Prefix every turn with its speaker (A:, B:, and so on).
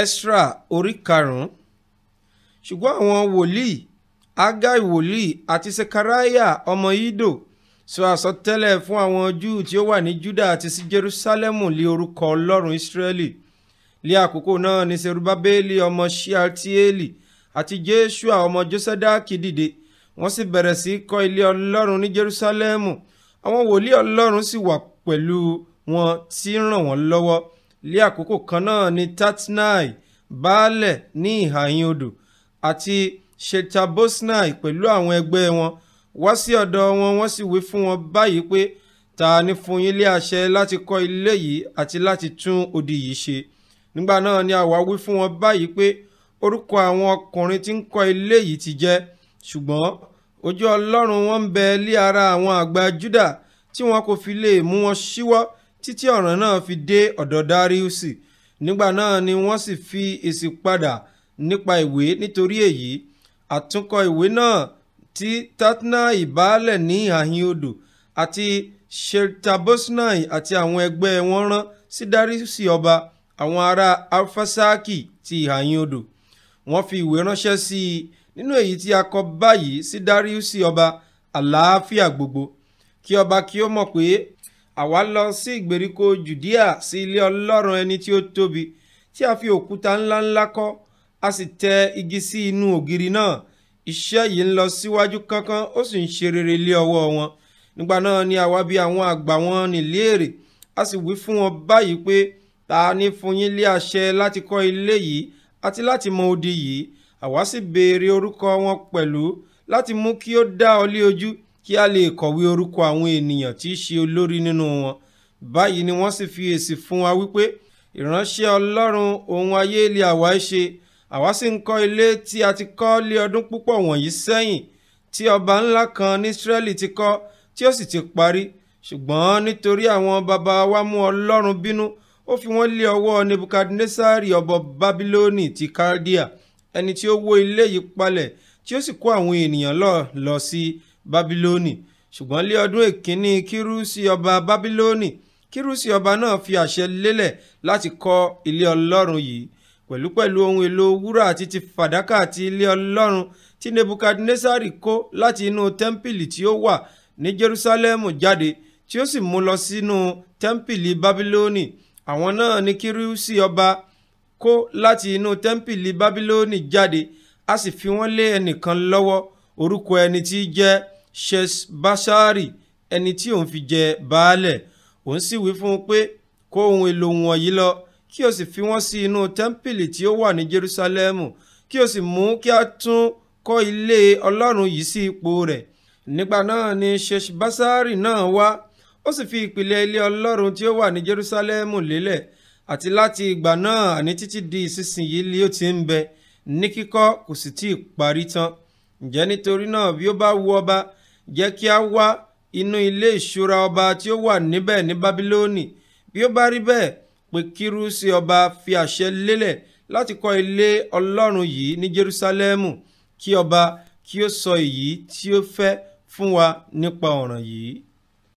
A: esra orí karùn-ún ṣùgbọ́n àwọn wòlíì agai wòlíì àti sekaraya ọmọ ido sọ àsọtẹ́lẹ̀ fún àwọn júù tí ó wà ní juda àti sí jerusalemu lé orúkọ ọlọ́run israeli lé àkókò náà ní serubabeli ọmọ shealtieli àti jeshua ọmọ josedaki dìde wọ́n sì bẹ̀rẹ̀ sí kọ́ ilé ọlọ́run ní jerusalemu àwọn wòlíì ọlọ́run sì wà pẹ̀lú wọn tí ń ràn wọ́n lọ́wọ́ lé àkókò kan náà ní tatnai baálẹ̀ ní ìhàyín odò àti shetabosnai pẹ̀lú àwọn ẹgbẹ́ wọn wá sí ọ̀dọ̀ wọn wọ́n sì wí fún wọn báyìí pé ta ni fún yín lé àṣẹ láti kọ́ ilé yìí àti láti tún odi yìí ṣe nígbà náà ni àwa wí fún wọn báyìí pé orúkọ àwọn ọkùnrin tí ń kọ́ ilé yìí ti jẹ́ ṣùgbọ́n ojú ọlọ́run wọn ń bẹ lé ara àwọn àgbà Júdà tí wọn kò fi lè mú wọn ṣíwọ́ si títí ọ̀ràn náà fi dé ọ̀dọ̀ Dariusi nígbà náà ni wọ́n sì fi èsì padà nípa ìwé nítorí èyí àtúnkọ ìwé náà tí Tatnai baálẹ̀ ní àhín odò àti Shertabosnai àti àwọn ẹgbẹ́ wọn rán sí Dariusi ọba àwọn ará Arfasaki ti àhín odò wọ́n fi ìwé ránṣẹ́ sí i nínú èyí tí a kọ báyìí sí Dariusi ọba àlàáfíà gbogbo kí ọba kí ó mọ̀ pé àwa lọ sí ìgbèríko judea sí ilé ọlọ́run ẹni tí ó tóbi tí a fi òkúta ńláńlá kọ́ a sì tẹ igi sí inú ògiri náà iṣẹ́ yìí ń lọ síwájú kánkán ó sì ń ṣe rere lé ọwọ́ wọn nígbà náà ni àwa bí àwọn àgbà wọn níléèrè a sì wí fún wọn báyìí pé ta ni fún yín lé àṣẹ láti kọ́ ilé yìí àti láti mọ odi yìí àwa sì béèrè orúkọ wọn pẹ̀lú láti mú kí ó dá ọ lé ojú kí a lè kọ̀wé orúkọ àwọn ènìyàn tí í ṣe olórí nínú wọn báyìí ni wọ́n sì fi èsì fún wa wípé ìránṣẹ́ ọlọ́run ohun ayé ilé àwa ṣe àwa sì ń kọ́ ilé tí a ti kọ́ lé ọdún púpọ̀ wọ̀nyí sẹ́yìn tí ọba ńlá kan ní Ísírẹ́lì ti kọ́ tí ó sì ti parí ṣùgbọ́n nítorí àwọn baba wa mú ọlọ́run bínú ó fi wọ́n lé ọwọ́ Nebukadnesari ọba Bábílónì ti Kaldea ẹni tí ó wó ilé yìí palẹ̀ tí ó sì kó àwọn ènìyàn lọ lọ sí si bábílónì ṣùgbọ́n lé ọdún èkínní kírúsì ọba bábílónì kírúsì ọba náà fi àṣẹ lélẹ̀ láti kọ́ ilé ọlọ́run yìí pẹ̀lúpẹ̀lú ohun èlò wúrà àti ti fàdákà àti ilé ọlọ́run tí nebukadnesari kó láti inú tẹ́ḿpìlì tí ó wà ní jerusalemu jáde tí ó sì mú lọ sínú tẹ́ḿpìlì bábílónì àwọn náà ni kírúsì ọba kó láti inú tẹ́ḿpìlì bábílónì jáde a sì fi wọ́n lé ẹnìkan lọ́wọ́ orúkọ ẹni tí jẹ́ Sheshbazzari ẹni tí òun fi jẹ baálẹ̀ òun sì wí fún un pé kó ohun èlò wọ̀nyí lọ kí o sì fi wọ́n sí inú tẹ́ḿpìlì tí ó wà ní Jerúsálẹ́mù kí o sì mú kí a tún kọ́ ilé Ọlọ́run yìí sí ipò rẹ̀ nígbà náà ni Sheshbazzari náà wá ó sì fi ìpìlẹ̀ ilé Ọlọ́run tí ó wà ní Jerúsálẹ́mù lélẹ̀ àti láti ìgbà náà àní títí di ìsinsìnyí li ó ti ń bẹ ní kíkọ́ kò sì tí ì parí tán ǹjẹ́ nítorí náà bí ó bá wu ọba jẹ́ kí a wá inú ilé ìṣúra ọba tí ó wà níbẹ̀ ní Bábílónì bí ó bá rí bẹ́ẹ̀ pé Kírúsì ọba fi àṣẹ lélẹ̀ láti kọ́ ilé Ọlọ́run yìí ní Jerúsálẹ́mù kí ọba kí ó sọ èyí tí ó fẹ́ fún wa nípa ọ̀ràn yìí.